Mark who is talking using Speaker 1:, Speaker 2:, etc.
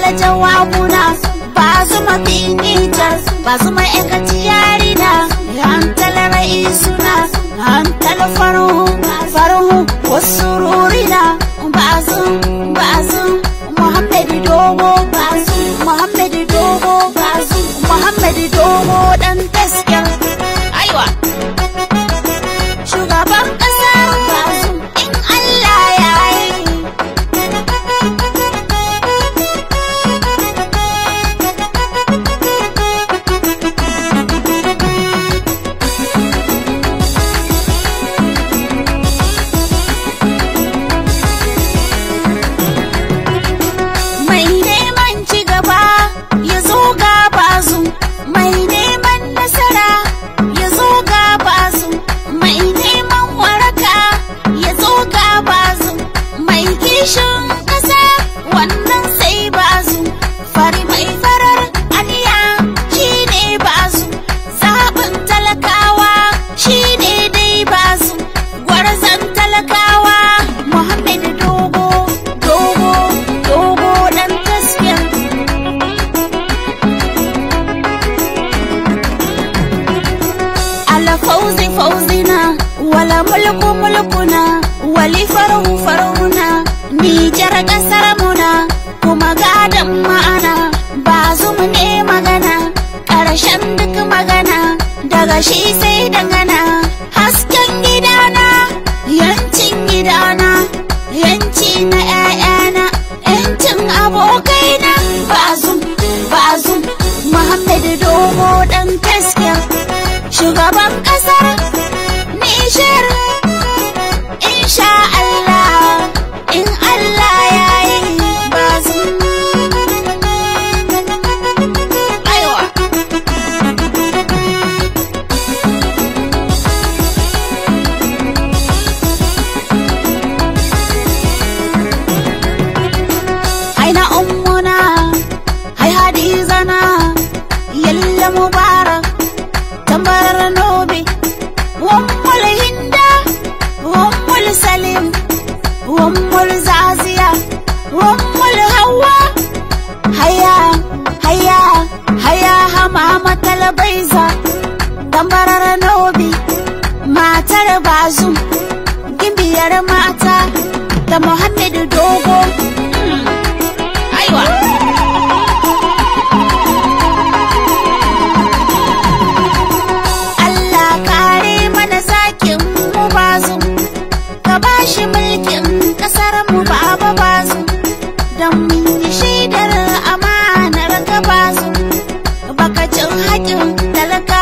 Speaker 1: Bala jawabuna Basu mafi nitas Basu mai ekaci yarina Hantala raisuna Hantala faruhu Faruhu wasururina Basu Basu Muhammadu dogo Basu Muhammadu dogo Basu Muhammadu dogo dan gaskiyar kishin ƙasa wannan sai su fari mai farar aniya shine su zaɓin talakawa shine dai su gwarzan talakawa muhammed dogo dogo dogo dan gaskiya ala fauzi fauzina wala mulku mulkuna wali faru faru jar ƙasar muna kuma gadon ma'ana ba zumu ne magana ƙarshen duk magana daga shi sai dangana hasken gidana yancin gidana yanci na ‘ya'yana yancin abokaina ba zum ba zum Muhammad Dogo ɗan gaskiya shugaban ƙasar Nijar insha Allah mubarak kamar nobe wammul hinda wammul salim wammul zaziya wammul hawa haya haya haya hamama talbaiza kamar nobe matar bazu gimbiyar mata da muhammadu dogo shi mulkin kasar mu baba basu yi shaidar amanar ka su baka cin haƙin talaka